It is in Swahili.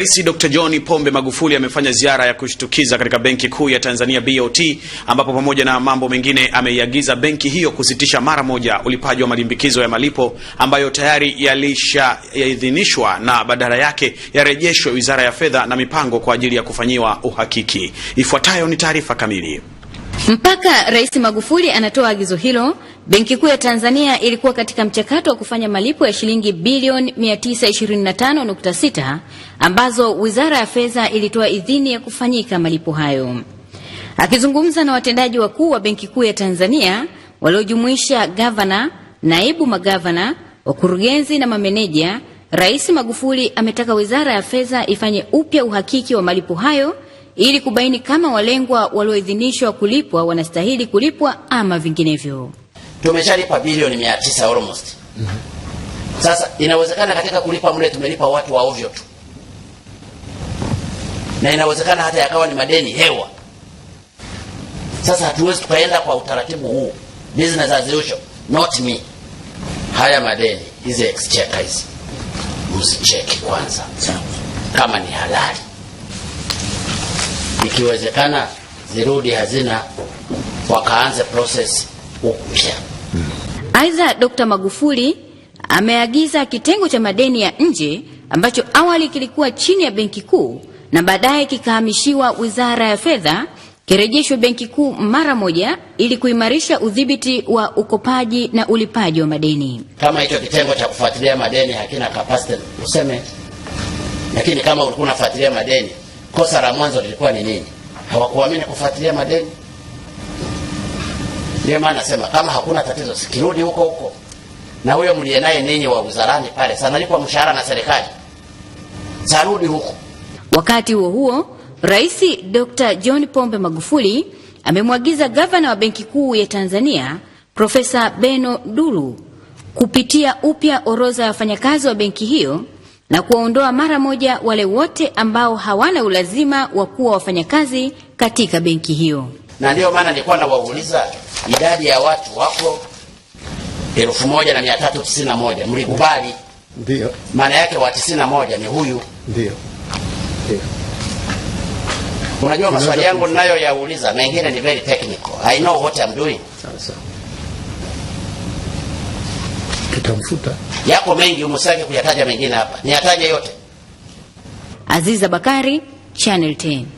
Rais Dr. John Pombe Magufuli amefanya ziara ya kushtukiza katika Benki Kuu ya Tanzania BOT ambapo pamoja na mambo mengine ameiagiza benki hiyo kusitisha mara moja ulipaji wa malimbikizo ya malipo ambayo tayari yalishaidhinishwa ya na badala yake yarejeshwe Wizara ya Fedha na Mipango kwa ajili ya kufanyiwa uhakiki. Ifuatayo ni taarifa kamili. Mpaka Rais Magufuli anatoa agizo hilo, Benki Kuu ya Tanzania ilikuwa katika mchakato wa kufanya malipo ya shilingi bilioni 925.6 ambazo Wizara ya Fedha ilitoa idhini ya kufanyika malipo hayo. Akizungumza na watendaji wakuu wa Benki Kuu ya Tanzania waliojumuisha gavana, naibu magavana, wakurugenzi na mameneja, Rais Magufuli ametaka Wizara ya Fedha ifanye upya uhakiki wa malipo hayo ili kubaini kama walengwa walioidhinishwa kulipwa wanastahili kulipwa ama vinginevyo. Tumeshalipa bilioni 900 almost. Mhm. Sasa inawezekana katika kulipa mle tumelipa watu wa ovyo tu, na inawezekana hata yakawa ni madeni hewa. Sasa hatuwezi tukaenda kwa utaratibu huu, business as usual, not me. Haya madeni hizi exchequer hizi kwanza kama ni halali ikiwezekana zirudi hazina, wakaanze process upya. Aidha, Dr. Magufuli ameagiza kitengo cha madeni ya nje ambacho awali kilikuwa chini ya Benki Kuu na baadaye kikahamishiwa Wizara ya Fedha kirejeshwe Benki Kuu mara moja ili kuimarisha udhibiti wa ukopaji na ulipaji wa madeni. Kama hicho kitengo cha kufuatilia madeni hakina capacity useme, lakini kama ulikuwa unafuatilia madeni Kosa la mwanzo lilikuwa ni nini? Hawakuamini kufuatilia madeni. Ndio maana nasema kama hakuna tatizo, sikirudi huko huko na huyo mlie naye ninyi wa uzarani pale, sanalikwa mshahara na serikali, sarudi huko. Wakati huo huo, Rais Dr. John Pombe Magufuli amemwagiza gavana wa Benki Kuu ya Tanzania Profesa Beno Dulu kupitia upya orodha ya wafanyakazi wa benki hiyo na kuwaondoa mara moja wale wote ambao hawana ulazima wa kuwa wafanyakazi katika benki hiyo. Na ndiyo maana nilikuwa nawauliza idadi ya watu wako elfu moja na mia tatu tisini na moja mlikubali? Ndio. maana yake wa tisini na moja ni huyu. Ndio. Unajua maswali yangu ninayoyauliza mengine ni very technical. I know what I'm doing. Sawa sawa mfuta Yako mengi umsitaki kuyataja mengine hapa, niyataje yote. Aziza Bakari, Channel 10.